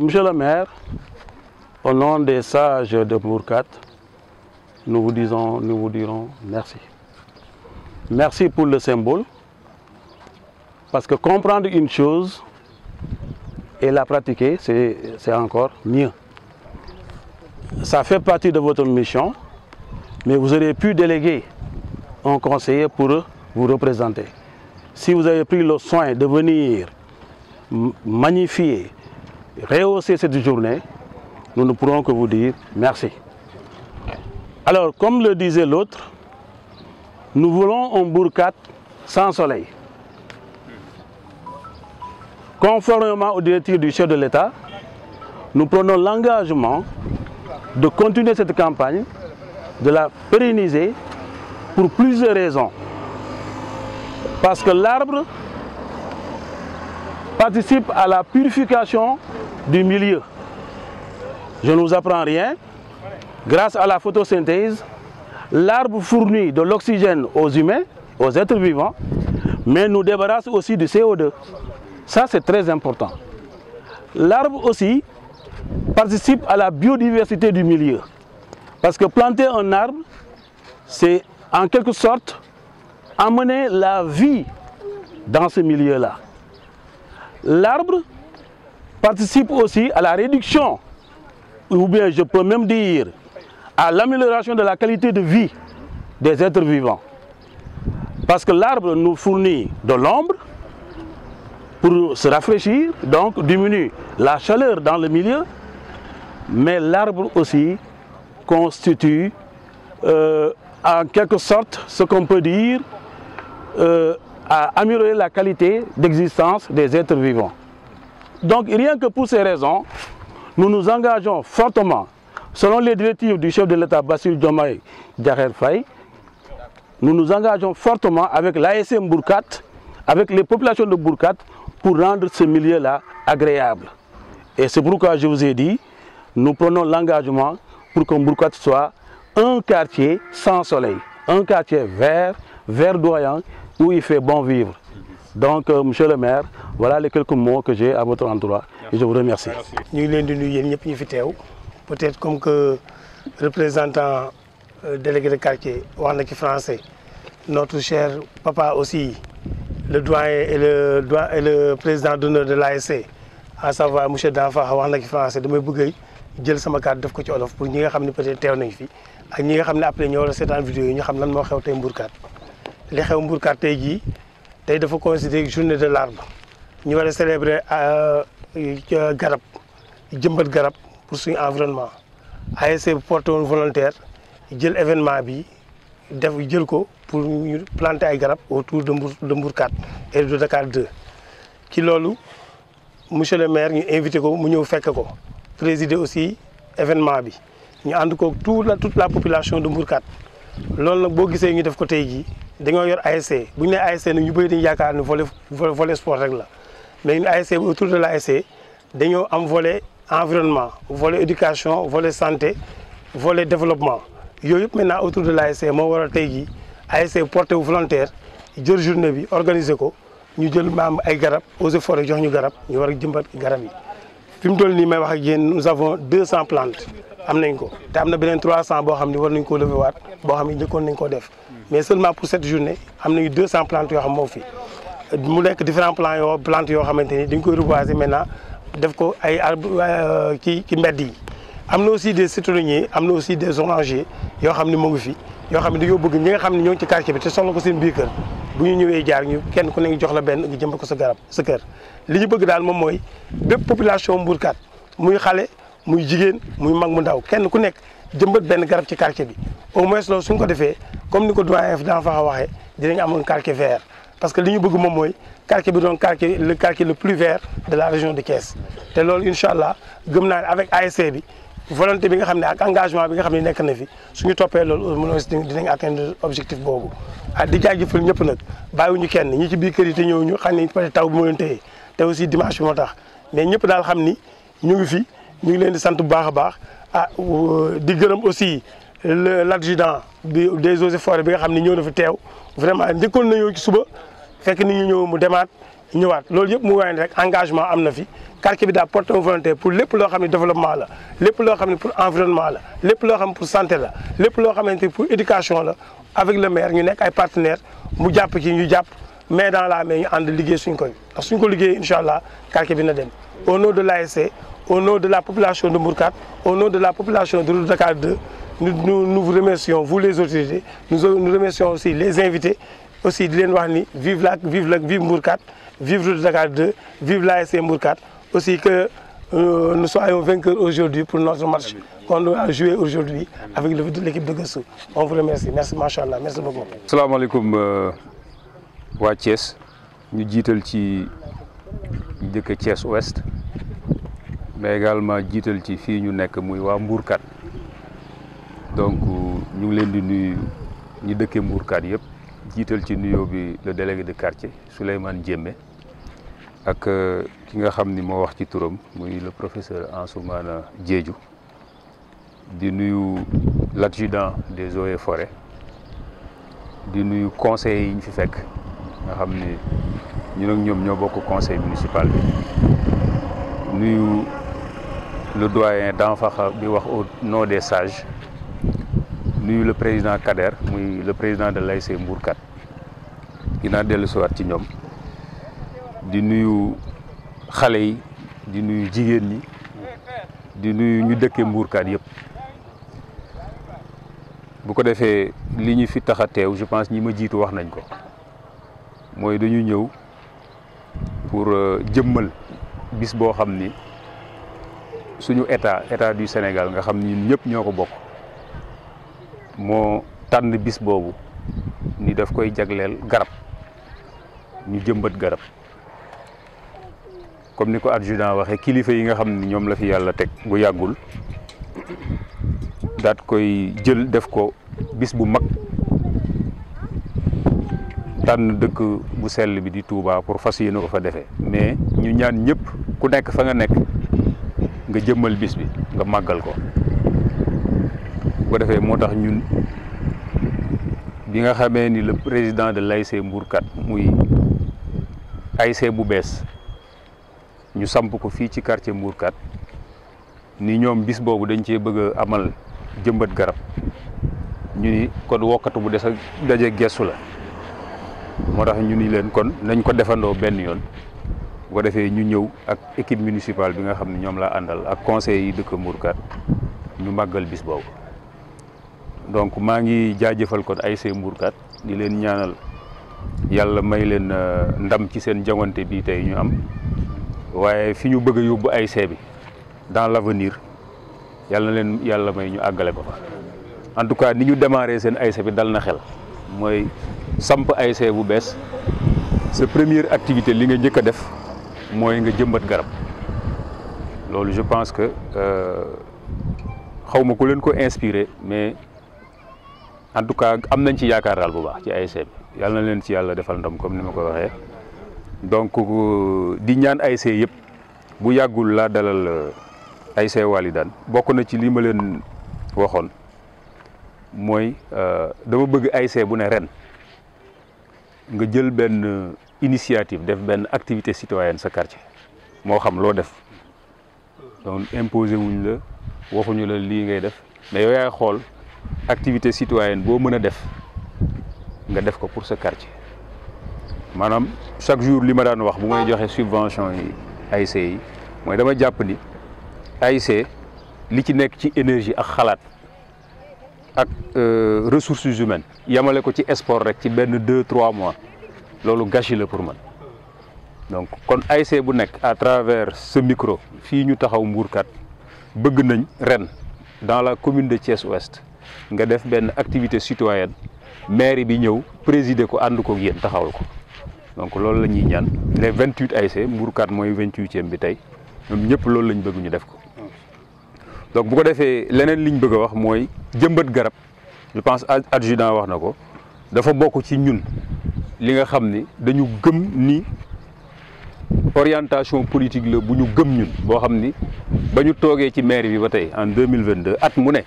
monsieur le maire, au nom des sages de Mourkat, nous vous disons, nous vous dirons merci. Merci pour le symbole, parce que comprendre une chose et la pratiquer, c'est encore mieux. Ça fait partie de votre mission, mais vous auriez pu déléguer un conseiller pour vous représenter. Si vous avez pris le soin de venir magnifier rehausser cette journée, nous ne pourrons que vous dire merci. Alors, comme le disait l'autre, nous voulons un burkat sans soleil. Conformément aux directives du chef de l'État, nous prenons l'engagement de continuer cette campagne, de la pérenniser pour plusieurs raisons. Parce que l'arbre participe à la purification du milieu. Je ne vous apprends rien. Grâce à la photosynthèse, l'arbre fournit de l'oxygène aux humains, aux êtres vivants, mais nous débarrasse aussi du CO2. Ça, c'est très important. L'arbre aussi participe à la biodiversité du milieu. Parce que planter un arbre, c'est en quelque sorte amener la vie dans ce milieu-là l'arbre participe aussi à la réduction, ou bien je peux même dire, à l'amélioration de la qualité de vie des êtres vivants. Parce que l'arbre nous fournit de l'ombre pour se rafraîchir, donc diminue la chaleur dans le milieu, mais l'arbre aussi constitue euh, en quelque sorte ce qu'on peut dire euh, à améliorer la qualité d'existence des êtres vivants. Donc rien que pour ces raisons, nous nous engageons fortement, selon les directives du chef de l'État basile Diomaye Djaher Faye, nous nous engageons fortement avec l'ASM Bourkat, avec les populations de Bourkat, pour rendre ce milieu-là agréable. Et c'est pourquoi je vous ai dit, nous prenons l'engagement pour que Bourkat soit un quartier sans soleil, un quartier vert, verdoyant, où il fait bon vivre. Donc, euh, monsieur le maire, voilà les quelques mots que j'ai à votre endroit et je vous remercie. Nous sommes peut-être comme que représentant euh, délégué de quartier, Wanaki français, notre cher papa aussi, le doyen et le, et le président d'honneur de l'ASC, à savoir M. Danfa Wanaki français, de Mébougueil, jël sama carte def ko ci olof pour ñi nga peut-être teew nañ fi ak ñi nga après ñoo la vidéo yi ñu xam lan moo xew li xew Mbourkat tey jii tey dafa considéré journée de l'arbre ñu war célébrer célébrer euh, garab jëmbat garab pour son environnement ASC porte porté volontaire jël événement bi def jël ko pour ñu planter ay garab autour de Mbour de et de Dakar 2 ci lolu monsieur le maire ñu invité ko mu ñeu fekk ko présider aussi événement bi ñu avons ko tout la toute la population de Mbourkat loolu nak bo gisee ñu def ko tey jii dañoo yor ASC bu ñu nee ASC nag ñu bëri dañu yaakaar ni volé volé sport rek la mais ñun ASC autour de la ASC dañoo am volé environnement volé éducation volé santé volé développement yooyu maintenant autour de la ASC mo wara tay jii ASC porté volontaire jël journée bi organiser ko ñu jël maam ay garab aux et forêts jox ñu garab ñu wara a jëmbat garab yi fim mu ni may wax ak yéen nous avons 200 plantes am nañ 300 qui ont été war mais seulement pour cette journée am a 200 plantes qui xam moo fi mu différents plans plantes qui ont été dañ maintenant def ko euh, aussi des citronniers aussi des orangers yo xamni mo ngi fi yo xamni bëgg ñi nga ñoo ci quartier bi té soxla ko seen biir kër bu ñu ñëwé jaar ñu kenn ku ne jox la ben jëm ko sa garab sa li ñu bëgg population muy muy jigen muy mag mu ndaw kenn ku nek jëmbat ben garab ci quartier bi au moins lo suñ ko defee comme niko ko doyen F daan fa waxee dinañ amoon quartier vert parce que liñu bëgg mom moy quartier bi doon quartier le quartier le plus vert de la région de Thiès té lool inshallah gëm naa avec ASC bi volonté bi nga xam ak engagement bi nga xam nek na fi suñu topé lool mun aussi dinañ atteindre objectif boobu a ah, di jaajëfal ñëpp nag bàyyiwuñu kenn ñi ci biir kër yi té ñëw ñu xam ne peut taw bi moo leen téye te aussi dimanche motax moo mais ñëpp daal xamni ñu ngi fi ñu ngi leen di sant bu baax a baax ah euh, di gërëm aussi l'adjudant des eaux et forêts bi nga xam ne ñëw na fi teew vraiment njëkkoon na ñëw ci suba fekk nit ñu ñëw mu demaat ñëwaat loolu yëpp mu waay rek engagement am na fi quartier bi daa porté volonté pour lépp loo xam ne développement la lépp loo xam ne pour environnement la lépp loo xam ne pour santé la lépp loo xamante pour éducation la avec le maire ñu nekk ay partenaires mu jàpp ci ñu jàpp mais dans la main ñu ànd liggéey suñ koy ndax suñ ko liggéey incha allah quartier bi na dem au nom de l'ASC au nom de la population de Mourkat, au nom de la population de Dakar 2, nous, vous remercions, vous les autorités, nous, remercions aussi les invités, aussi de l'Enouani, vive, la, vive, la, vive Mourkat, vive Dakar 2, vive l'ASC Mourkat, aussi que euh, nous soyons vainqueurs aujourd'hui pour notre match qu'on a joué aujourd'hui avec l'équipe de Gassou. On vous remercie. Merci, Machallah. Merci beaucoup. Salam alaikum, euh, Wa Thiès. Nous de Thiès Ouest mais également jiital ci fi ñu nek muy wa mbuurkat donc ñu ngi leen di nuyu ñi dëkkee mbuurkat yëpp jiital ci nuyo bi le délégué de quartier Souleyman Diémé ak euh, ki nga xam ni moo wax ci turam muy le professeur Ansoumana Diédiou di nuyu l'adjudant des eaux et forêts di nuyu conseil yi ñu fi fekk nga xam ni ñun ak ñoom ñoo bokk conseil municipal bi nuyu le doyen d'Anfaxa bi wax au nom des sages nuyu le président Kader muy le président de l'ASC Mbourkat dinaa délu siwaat ci ñom di nuyu xalé yi di nuyu jigen ni di nuyu ñu dëkkee Mbourkat yépp bu ko défé li ñu fi tax je pense ñima jitu wax nañ ko moy dañu ñëw pour euh, jëmmal bis bo xamni suñu état état du Sénégal nga xam ni ñun ñëpp ñoo ko bokk moo tànn bis boobu ni def koy jagleel garab ñu jëmbat garab comme ni ko adjudant waxee kilifa yi nga xam ni ñoom la fi yàlla teg bu yàggul daat koy jël def ko bis bu mag tànn dëkk bu sell bi di Touba pour fas yéene ko fa defee mais ñu ñaan ñëpp ku nekk fa nga nekk nga jëmmal bis bi nga magal ko bu defé motax ñun bi nga xamé ni le président de l'ASC Mbourkat muy AIC bu bes ñu samp ko fi ci quartier Mbourkat ni ñom bis bobu dañ ci bëgg amal jëmbat garab ñu ni kon wokkatu bu dess ak dajé gessu la motax ñu ni leen kon nañ ko defando ben yoon bu ko defee ñu ñëw ak équipe municipale bi nga xamni ñom la andal ak conseil yi dëkk Mourkat ñu maggal bis boobu donc ma ngi jaajëfal kon ASC Mourkat di leen ñaanal yalla may leen euh, ndam ci seen jangonté bi tay ñu am waye fi ñu bëgg a yóbbu ASC bi dans l'avenir yalla na leen yalla may ñu aggalé ba fa en tout cas ni ñu démarré seen ASC bi dal na xel moy samp ASC bu bess ce première activité li nga njëkk def mooy nga jëmbat garab loolu je pense que euh, xaw ma ku leen ko inspiré mais en tout cas am nañ ci yaakaar daal bu baax ci ASC bi yàlla na leen ci yàlla defal ndam comme ni ma ko waxee donc euh, di ñaan ay c yëpp bu yàggul laa dalal ay euh, ASC Walidane bokk na ci lii ma leen waxoon mooy dama bëgg ay c bu ne ren nga jël benn. initiative def ben activité citoyenne sa quartier mo xam lo def donc imposé wuñ la waxuñu la li ngay def mais yow yaay xol activité citoyenne bo meuna def nga def ko pour sa quartier manam chaque jour li ma daan wax bu ngay joxe subvention yi AIC yi mooy dama japp ni AIC li ci nek ci énergie ak xalaat ak euh, ressources humaines yamale ko ci sport rek ci ben 2 3 mois loolu gâchis la pour man donc kon ASC bu nekk à travers ce micro fii ñu taxaw mbuurkat bëgg nañ ren dans la commune de Thiès Ouest nga def benn activité citoyenne maire bi ñëw présider ko ànd ko yéen taxawal ko donc loolu la ñuy ñaan les vingt huit ASC mbuurkat mooy vingt huitième bi tey ñoom ñëpp loolu lañ bëgg ñu def ko donc bu ko defee leneen liñ bëgg a wax mooy jëmbat garab je pense adjudant wax na ko dafa bokk ci ñun li nga c'est dañu gëm ni orientation politique la bu ñu gëm ñun bo xamni nous ba ci en 2022, at mu né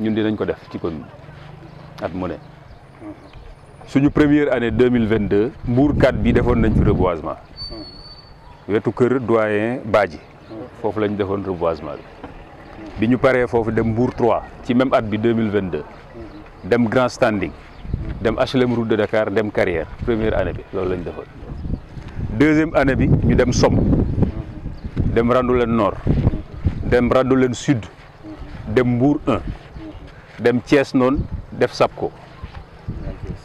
ñun dinañ ko def ci commune at mu né suñu première année 2022. nous Mbour 4 bi defon nañ wetu keur doyen Badji. fofu lañ 3 même at bi 2022. dem grand standing dem HLM route de Dakar dem carrière première année bi loolu lañ defoon deuxième année bi ñu dem Somme dem Randoulène nord dem Randoulène sud dem Mbour 1 dem Thiès noonu def Sapko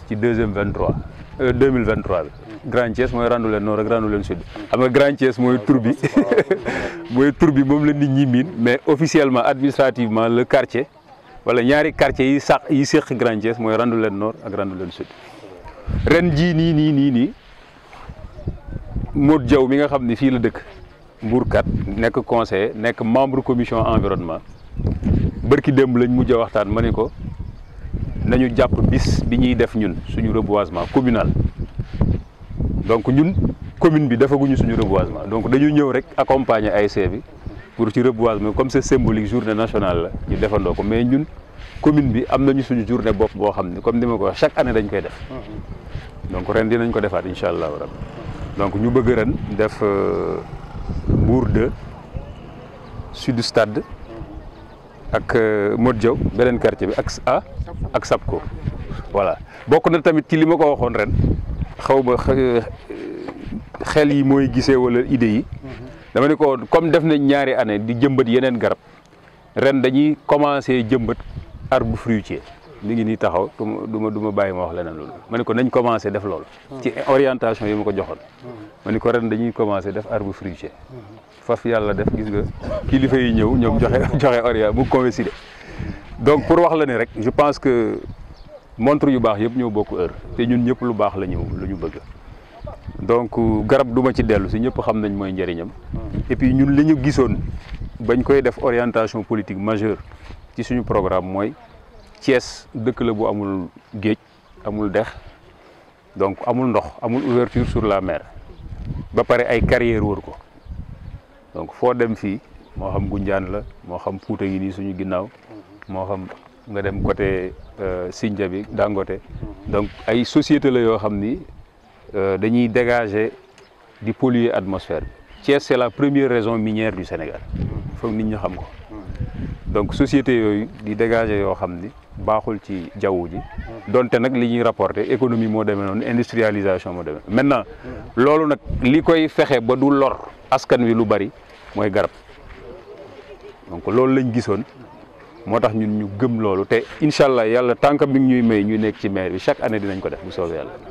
ci deuxième 23 2023, euh, bi. Grand Thiès mooy Randoulène nord ak Randoulène sud xam nga Grand Thiès mooy tur bi mooy tur bi moom la nit ñi miin mais officiellement administrativement le quartier. wala ñaari quartier yi sax yi séq Grand Thiès mooy Randoulène nord ak Randoulène sud ren jii nii nii nii nii Modou Diaw mi nga xam ne fii la dëkk Mbourkat nekk conseiller nekk membre commission environnement bërki démb lañ mujj waxtaan ma ne ko nañu jàpp bis bi ñuy def ñun suñu reboisement communal donc ñun commune bi defaguñu suñu reboisement donc dañu ñëw rek accompagner ASC bi pour ci reboisement comme c'est symbolique journée nationale la ñu defandoo ko mais ñun commune bi am nañu suñu journée bopp boo xam ni comme ni ma ko wax chaque année dañ koy def donc ren dinañ ko defaat incha allahu rabbi donc ñu bëgg ren def euh, Mbour 2 sud stade ak euh, Modou Diaw beneen quartier bi ak A ak Sapco voilà bokk na tamit ci li ma ko waxoon ren xaw ma euh, xel yi mooy gisee wala idée yi dama ni ko comme def na ñaari année di jëmbat yenen garab ren dañuy commencé jëmbat arbre fruitier ni ngi ni taxaw duma duma du ma wax lenen lool ma ko nañ commencé def lool ci orientation yi ma ko joxoon ma ko ren dañuy commencé def arbre fruitier faf yalla def gis nga kilifa yi ñew ñom joxe joxe orient mu convaincide donc pour wax la ni rek je pense que montre yu bax yëpp ñoo bokku heure té ñun ñëpp lu bax la ñu lu ñu bëgg donc euh, garab du ci delu ci ñepp xam nañ mooy et puis ñun liñu gissone gisoon bañ koy def orientation politique majeure ci suñu programme moy Thiès dëkk la bu amul geej amul dex donc amul ndox amul ouverture sur la mer ba paré ay carrière wër ko donc fo dem fi mo xam Gunjaan la mo xam Fuuta yi nii suñu ginnaw mo xam nga dem côté euh, Sindia bi Dangote donc ay société la yo xam ni euh, dañuy dégager di polluer atmosphère Thiès c'est la première raison minière du Sénégal Faut nit ñi xam ko donc société yooyu di dégager yoo xam ni baaxul ci jaww ji donte nag li ñuy rapporter économie moo industrialisation moo demee maintenant loolu nag li koy fexe ba du lor askan wi lu bari moy garab donc loolu lañu gissone motax ñun ñu gëm loolu té inshallah yalla yàlla bi ñuy may ñu nekk ci maire bi chaque année dinañ ko def bu soobee yalla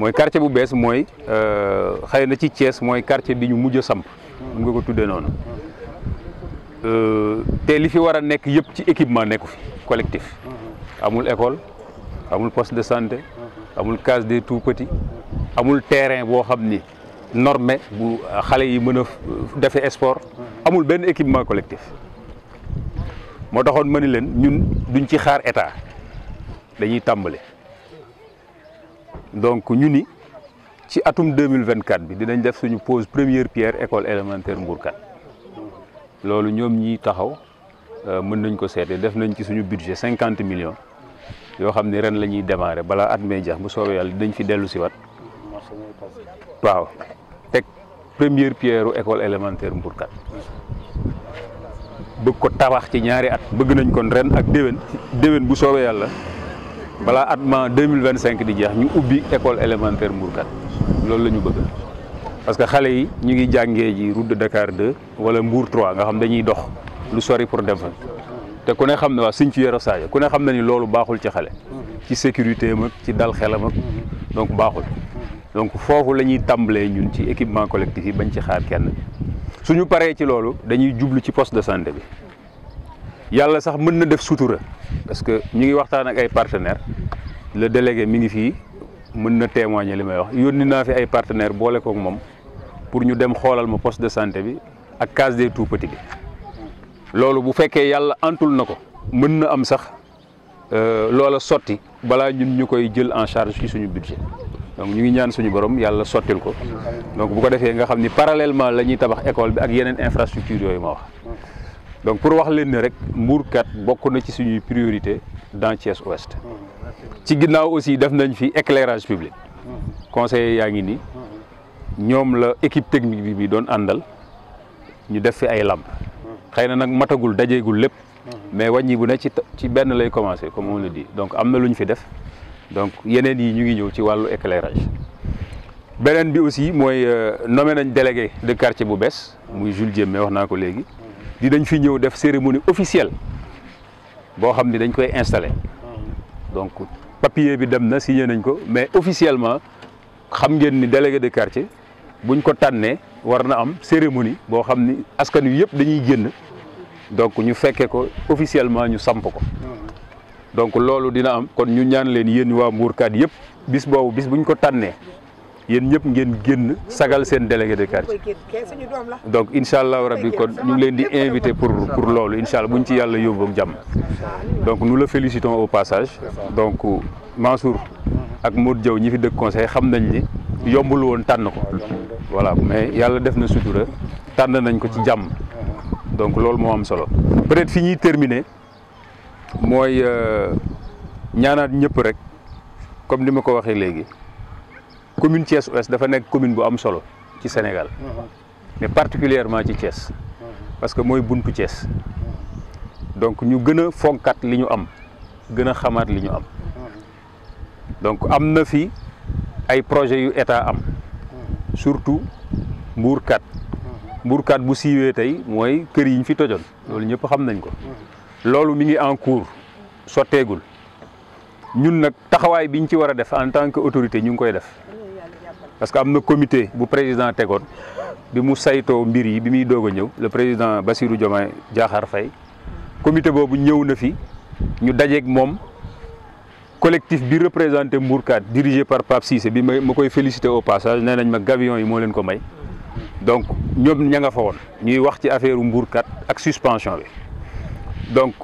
mooy quartier bu bees mooy euh, xëy na ci cees mooy quartier bi ñu mujj a samp mun nga ko tuddee noonu euh, te li fi war a nekk yëpp ci équipement nekku fi collectif amul école amul poste de santé amul case de tout petits amul terrain boo xam ni norme bu xale yi mën a defee esport amul benn équipement collectif moo taxoon ma ni leen ñun duñ ci xaar état dañuy tàmbale donc ñu ci atum 2024 bi dinañ def suñu pose première pierre école élémentaire Mbourkat lolu ñom ñi taxaw euh, mën nañ ko sété def nañ ci suñu budget 50 millions yo xamni ren lañuy démarrer bala at may jax bu soobee yalla dañ fi déllu ci wat waaw tek première pierre école élémentaire Mbourkat bëgg ko tabax ci ñaari at bëgg nañ kon ren ak déwén déwén bu soobee yalla balaa at ma deux mille vingt cinq di jeex ñu ubbi école élémentaire Mbourkat loolu la ñu bëgg parce que xale yi ñu ngi jàngee ji route de Dakar 2 wala Mbour 3 nga xam dañuy dox lu sori pour dem fa te ku ne xam ne waa suñ ci yore Sadio ku ne xam na ni loolu baaxul ci xale ci sécurité am ci dal xelam ak donc baaxul donc foofu la ñuy tàmbalee ñun ci équipement collectif yi bañ ci xaar kenn suñu paree ci loolu dañuy jublu ci poste de santé bi. yalla sax mën na def sutura parce que ñi ngi waxtaan ak ay partenaires le délégué mi ngi fii mën na témoigner limay wax yónni na fi ay partenaires boole ak mom pour ñu dem xolal ma poste de santé bi ak case des tout petits bi loolu bu fekkee yàlla antul na ko mën na am sax euh, loola sotti balaa ñun ñu koy jël en charge ci suñu budget donc ñu ngi ñaan suñu borom yàlla sottil ko donc bu ko defee nga xam ni parallèlement la ñuy tabax école bi ak yeneen infrastructure yooyu ma wax donc pour wax leen ne rek mbuurkat bokk ci suñuy priorité dans Thiès Ouest ci ginnaaw aussi def nañ fi éclairage public conseillers Conseil yaangi ni ñom la équipe technique bi bi doon andal ñu def fi ay lamp. xëy na nag matagul dajeegul lépp mais wañi bu ne ci ci ben lay commencer comme on le dit donc am na lu fi def donc yenen yi ñu ngi ñew ci walu éclairage Benen bi aussi mooy euh, nommé nañ délégué de quartier bu bess muy Jules Diémé wax naa di dañ fi ñëw def cérémonie officielle bo xamni dañ koy installer donc papier bi dem na signé nañ ko mais officiellement xam ngeen ni délégué de quartier buñ ko tanné war na am cérémonie bo xamni askan wi yëpp dañuy génn donc ñu fekkee ko officiellement ñu samp ko donc loolu dina am kon ñu ñaan leen yéen wa Mbourkat yëpp bis boobu bis buñ ko tànnee yéen ñëpp ngeen génn sagal seen délégué de quartier donc incha allahu rabbi kon ñu ngi leen di invité pour pour loolu incha allah bu ñu ci yàlla yóbbu ak jàmm donc nous le félicitons au passage donc Mansour ak Modou jëw ñi fi dëkk conseil xam nañ ni yombul woon tànn ko voilà mais yàlla def na sutura tànn nañ ko ci jàmm donc loolu moo am solo peut-être fi ñuy terminer mooy euh, ñaanaat ñëpp rek comme ni ma ko waxee léegi commune Thiès Ouest dafa nek commune bu am solo ci Sénégal mais particulièrement ci Thiès parce que moy buntu Thiès donc ñu gëna fonkat li ñu am gëna xamaat li ñu am donc amna fi ay projet yu état am surtout mbour kat mbour kat bu siwé tay moy kër yiñ fi tojon loolu ñëpp xam nañ ko loolu mi ngi en cours sotteegul ñun nak taxaway biñ ci wara def en tant que autorité ñu ngi koy def parce que le comité du président le président Bassirou Diomaye Diakhar Faye comité ici, nous na Le collectif bi représenté Mbourkat dirigé par Pape Cissé Je au passage ma gavion yi donc nous avons fa ñuy wax ci suspension donc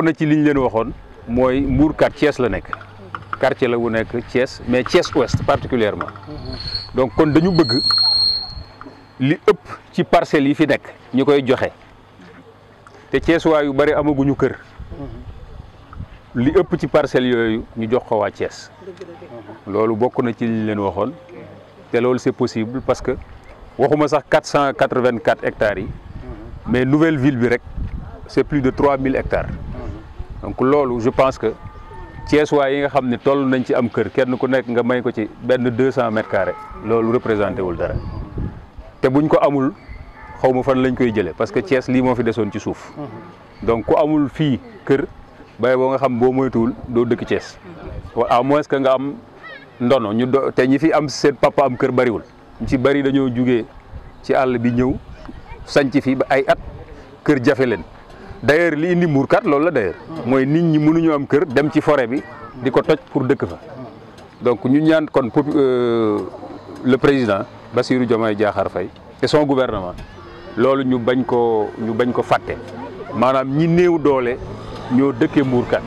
na ci liñ leen Mbourkat quartier mais Thiès ouest particulièrement donc kon dañu bëgg li ëpp ci parcelle yi fi nek ñukoy joxé té te Thiessois yu bari ñu kër li ëpp ci parcelles yooyu ñu jox ko wa Thiès lolu bokku na ci liñ leen waxoon té lolu c'est possible parce que waxuma sax 484 hectares yi mais nouvelle ville bi rek c'est plus de 3000 hectares donc lolu je pense que ceesuwaay yi nga xam ne toll nañ ci am kër kenn ku nekk nga may ko ci benn deux cent mètres carrés loolu représenté wul dara te buñ ko amul xawma fan lañ koy jëlee parce que Thiès lii moo fi desoon ci suuf donc ku amul fii kër bay boo nga xam boo moytuwul doo dëkk Thiès à moins que nga am ndono ñu te ñi fi am seen papa am kër bariwul ñu ci bari dañoo jugee ci àll bi ñëw sanc fi ba ay at kër jafe leen d'ailleurs li indi mur kat loolu la d'ailleurs moy nit ñi mënu ñu am kër dem ci forêt bi diko toj pour dëkk fa donc ñu ñaan kon euh le président Bassirou Diomaye Diakhar Fay et son gouvernement loolu ñu bañ ko ñu bañ ko fàtte manam ñi neew doole ñoo mur kat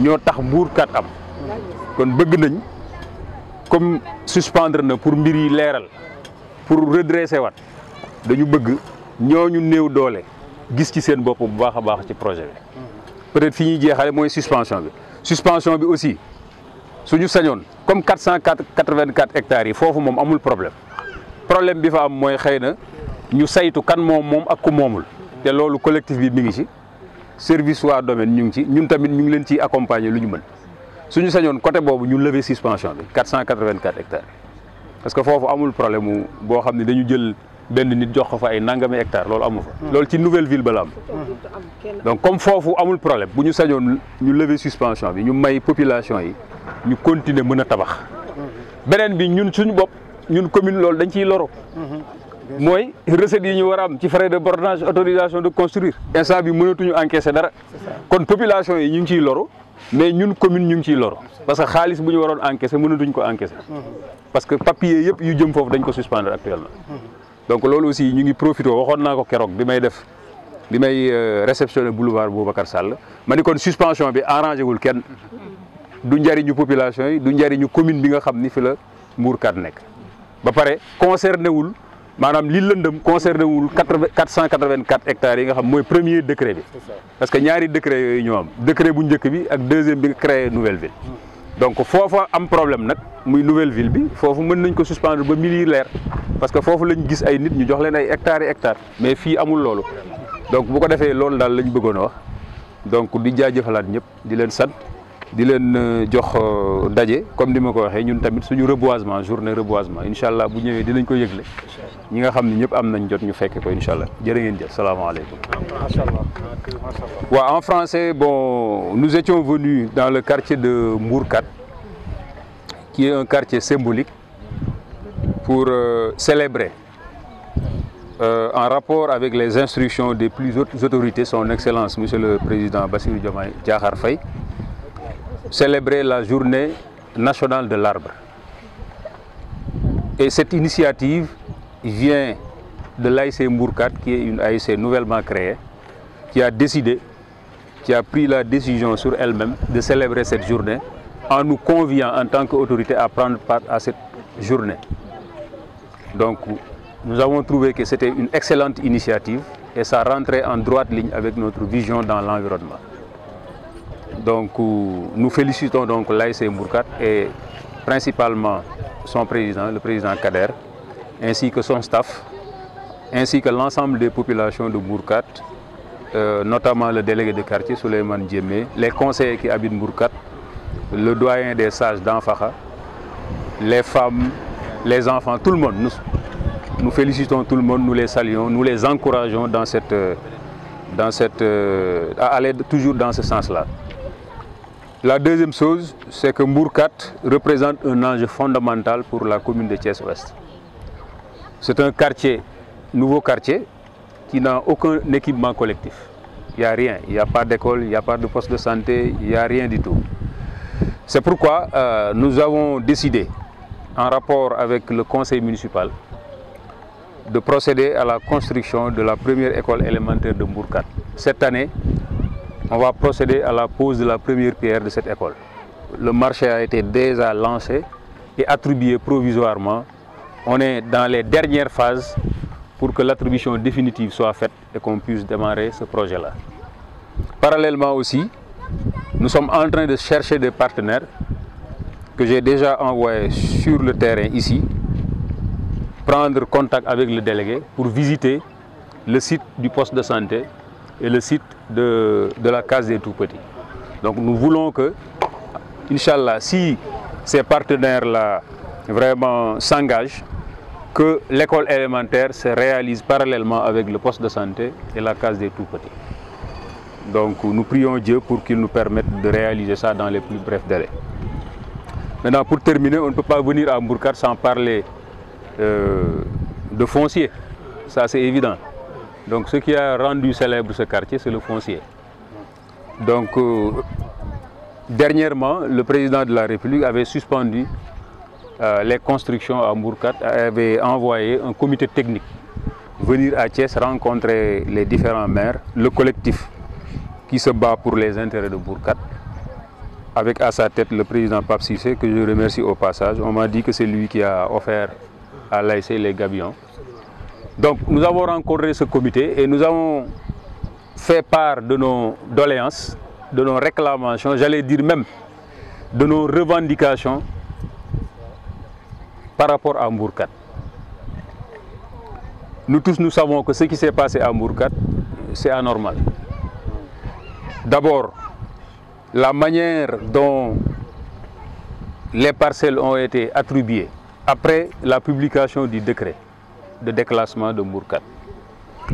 ñoo tax mur kat am kon bëgg nañ comme suspendre na pour mbir yi léral pour redresser wat dañu bëgg ñooñu neew doole gis ci seen projet peut-être fi suspension suspension aussi comme 484 hectares il faut hectares yi foofu problème problème bi fa am ñu saytu kan ak ku collectif service domaine accompagner côté lever suspension bi hectares parce que foofu amul problème boo xam ben nit jox ko fa ay nouvelle ville donc comme amul problème Vous nous ñu lever suspension bi ñu may population yi ñu continuer mëna tabax. bi ñun suñu ñun commune frais de bornage autorisation de construire. instant bi encaisser dara. kon population yi ñu mais ñun commune ñu parce que nous buñu waroon encaisser ko parce que papier actuellement donc loolu aussi ñu ngi profité waxoon naa ko keroog bi may def bi may euh, réceptionné boulevard Boubacar Sall ma ni kon suspension bi arrangé wul kenn du njariñu population yi du njariñu commune bi nga xam ni fi la Mbourkat nekk ba pare concerné wul maanaam li lëndëm concerné wul quatre cent quatre-vingt-quatre hectares yi nga xam mooy premier décret bi parce que ñaari décret yooyu ñoo décret bu njëkk bi ak deuxième bi créé nouvelle ville donc avoir un problème une nouvelle ville Il faut que suspendre parce que nous lañ ay nit ñu jox leen hectares hectares mais amul donc bu ko fait lañ donc di leen euh, jox euh, dajé comme ni ma ko waxee ñun tamit suñu reboisement journée reboisement inshallah allah bu ñëwee dinañ ko yëgle ñi nga xamni Nous ñëpp am nañ jot ñu fekk ko incha allah jërë ngeen jëf salaamaaleykum. wa en français bon nous étions venus dans le quartier de Mourkat, qui est un quartier symbolique pour euh, célébrer en rapport avec les instructions des plus hautes autorités son excellence monsieur le président Bassirou Diomaye Diakhar Faye célébrer la journée nationale de l'arbre. Et cette initiative vient de l'AIC Mourkat, qui est une AIC nouvellement créée, qui a décidé, qui a pris la décision sur elle-même de célébrer cette journée en nous conviant en tant qu'autorité à prendre part à cette journée. Donc, nous avons trouvé que c'était une excellente initiative et ça rentrait en droite ligne avec notre vision dans l'environnement. Donc euh, nous félicitons donc l'AIC Mourkat et principalement son président, le président Kader, ainsi que son staff, ainsi que l'ensemble des populations de Mourkat, euh, notamment le délégué de quartier Souleymane Djemé, les conseillers qui habitent Mourkat, le doyen des sages d'Anfaha, les femmes, les enfants, tout le monde. Nous, félicitons tout le monde, nous les saluons, nous les encourageons dans cette, euh, dans cette, à aller toujours dans ce sens-là. La deuxième chose, c'est que Mourkat représente un enjeu fondamental pour la commune de Thiès-Ouest. C'est un quartier, nouveau quartier, qui n'a aucun équipement collectif. Il n'y a rien, il n'y a pas d'école, il n'y a pas de poste de santé, il n'y a rien du tout. C'est pourquoi euh, nous avons décidé, en rapport avec le conseil municipal, de procéder à la construction de la première école élémentaire de Mourkat. Cette année, on va procéder à la pose de la première pierre de cette école. Le marché a été déjà lancé et attribué provisoirement. On est dans les dernières phases pour que l'attribution définitive soit faite et qu'on puisse démarrer ce projet-là. Parallèlement aussi, nous sommes en train de chercher des partenaires que j'ai déjà envoyés sur le terrain ici, prendre contact avec le délégué pour visiter le site du poste de santé et le site de, la case des tout-petits. Donc nous voulons que, Inch'Allah, si ces partenaires-là vraiment s'engagent, que l'école élémentaire se réalise parallèlement avec le poste de santé et la case des tout-petits. Donc nous prions Dieu pour qu'il nous permette de réaliser ça dans les plus brefs délais. Maintenant, pour terminer, on ne peut pas venir à Mbourkar sans parler euh, de foncier. Ça, c'est évident. Donc ce qui a rendu célèbre ce quartier, c'est le foncier. Donc euh, dernièrement, le président de la République avait suspendu euh, les constructions à Mourkat, avait envoyé un comité technique venir à Thiès rencontrer les différents maires, le collectif qui se bat pour les intérêts de Bourkat, avec à sa tête le président Pape Sissé, que je remercie au passage. On m'a dit que c'est lui qui a offert à l'AIC les gabions. Donc nous avons rencontré ce comité et nous avons fait part de nos doléances, de nos réclamations, j'allais dire même de nos revendications par rapport à Mourkat. Nous tous, nous savons que ce qui s'est passé à Mourkat, c'est anormal. D'abord, la manière dont les parcelles ont été attribuées après la publication du décret de déclassement de Mourkat.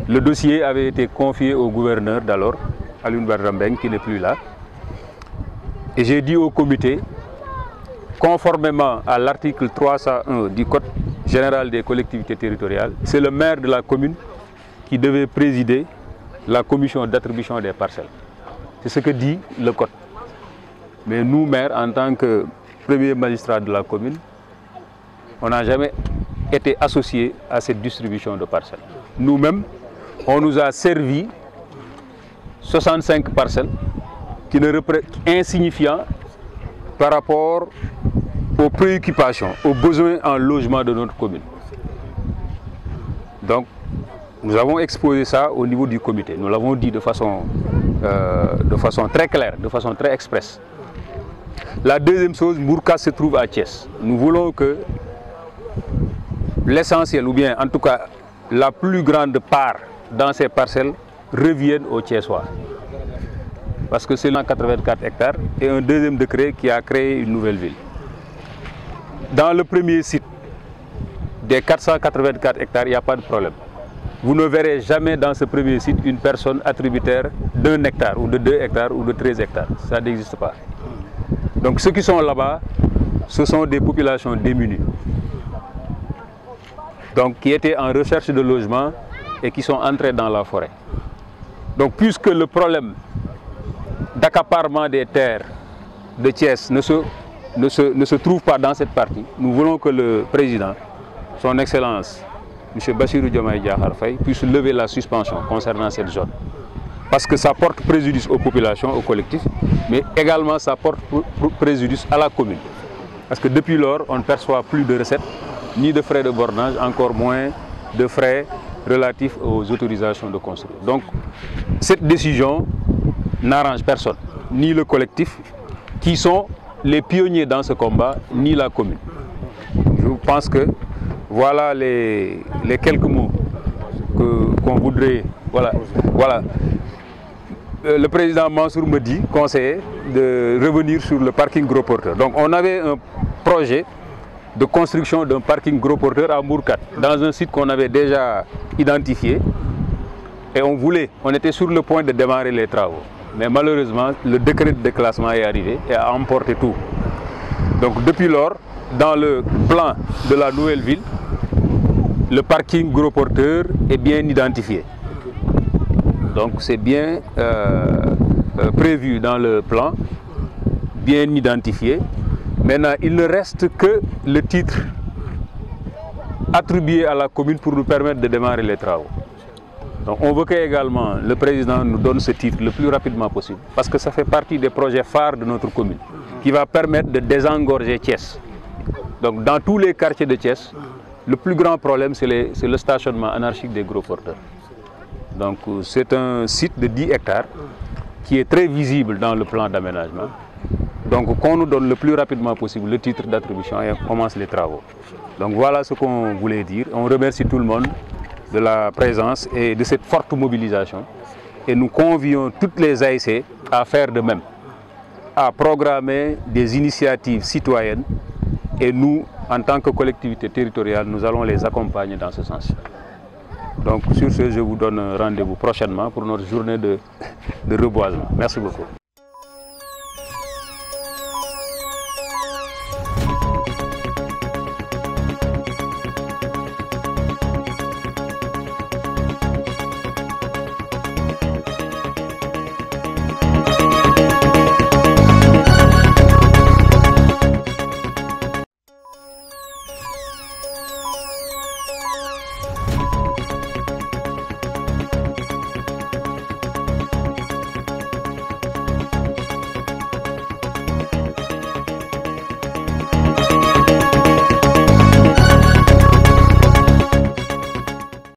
Le dossier avait été confié au gouverneur d'alors, Alun Barrambeng, qui n'est plus là. Et j'ai dit au comité, conformément à l'article 301 du Code général des collectivités territoriales, c'est le maire de la commune qui devait présider la commission d'attribution des parcelles. C'est ce que dit le Code. Mais nous, maires, en tant que premier magistrat de la commune, on n'a jamais été associé à cette distribution de parcelles. Nous-mêmes, on nous a servi 65 parcelles qui ne représentent insignifiant par rapport aux préoccupations, aux besoins en logement de notre commune. Donc, nous avons exposé ça au niveau du comité. Nous l'avons dit de façon, euh, de façon très claire, de façon très expresse. La deuxième chose, Mourka se trouve à Thiès. Nous voulons que l'essentiel ou bien en tout cas la plus grande part dans ces parcelles reviennent au Thiessois. Parce que c'est 84 hectares et un deuxième décret qui a créé une nouvelle ville. Dans le premier site, des 484 hectares, il n'y a pas de problème. Vous ne verrez jamais dans ce premier site une personne attributaire d'un hectare ou de deux hectares ou de 13 hectares. Ça n'existe pas. Donc ceux qui sont là-bas, ce sont des populations démunies donc qui étaient en recherche de logement et qui sont entrés dans la forêt. Donc puisque le problème d'accaparement des terres de Thiès ne se, ne, se, trouve pas dans cette partie, nous voulons que le président, son excellence, M. Bassirou Diomaye puisse lever la suspension concernant cette zone. Parce que ça porte préjudice aux populations, aux collectifs, mais également ça porte préjudice à la commune. Parce que depuis lors, on ne perçoit plus de recettes ni de frais de bornage, encore moins de frais relatifs aux autorisations de construire. Donc, cette décision n'arrange personne, ni le collectif, qui sont les pionniers dans ce combat, ni la commune. Je pense que voilà les, quelques mots qu'on voudrait... Voilà, voilà. Euh, le président Mansour me dit, conseiller, de revenir sur le parking gros porteur. Donc on avait un projet de construction d'un parking gros porteur à Mourkat, dans un site qu'on avait déjà identifié. Et on voulait, on était sur le point de démarrer les travaux. Mais malheureusement, le décret de déclassement est arrivé et a emporté tout. Donc depuis lors, dans le plan de la nouvelle ville, le parking gros porteur est bien identifié. Donc c'est bien euh, euh, prévu dans le plan, bien identifié. Maintenant, il ne reste que le titre attribué à la commune pour nous permettre de démarrer les travaux. Donc on veut que le président nous donne ce titre le plus rapidement possible, parce que ça fait partie des projets phares de notre commune, qui va permettre de désengorger Thiès. Donc dans tous les quartiers de Thiès, le plus grand problème c'est le stationnement anarchique des gros porteurs. Donc euh, c'est un site de 10 hectares qui est très visible dans le plan d'aménagement. Donc qu'on nous donne le plus rapidement possible le titre d'attribution et on commence les travaux. Donc voilà ce qu'on voulait dire. On remercie tout le monde de la présence et de cette forte mobilisation. Et nous convions toutes les AIC à faire de même, à programmer des initiatives citoyennes. Et nous, en tant que collectivité territoriale, nous allons les accompagner dans ce sens. Donc sur ce, je vous donne rendez-vous prochainement pour notre journée de reboisement. Merci beaucoup.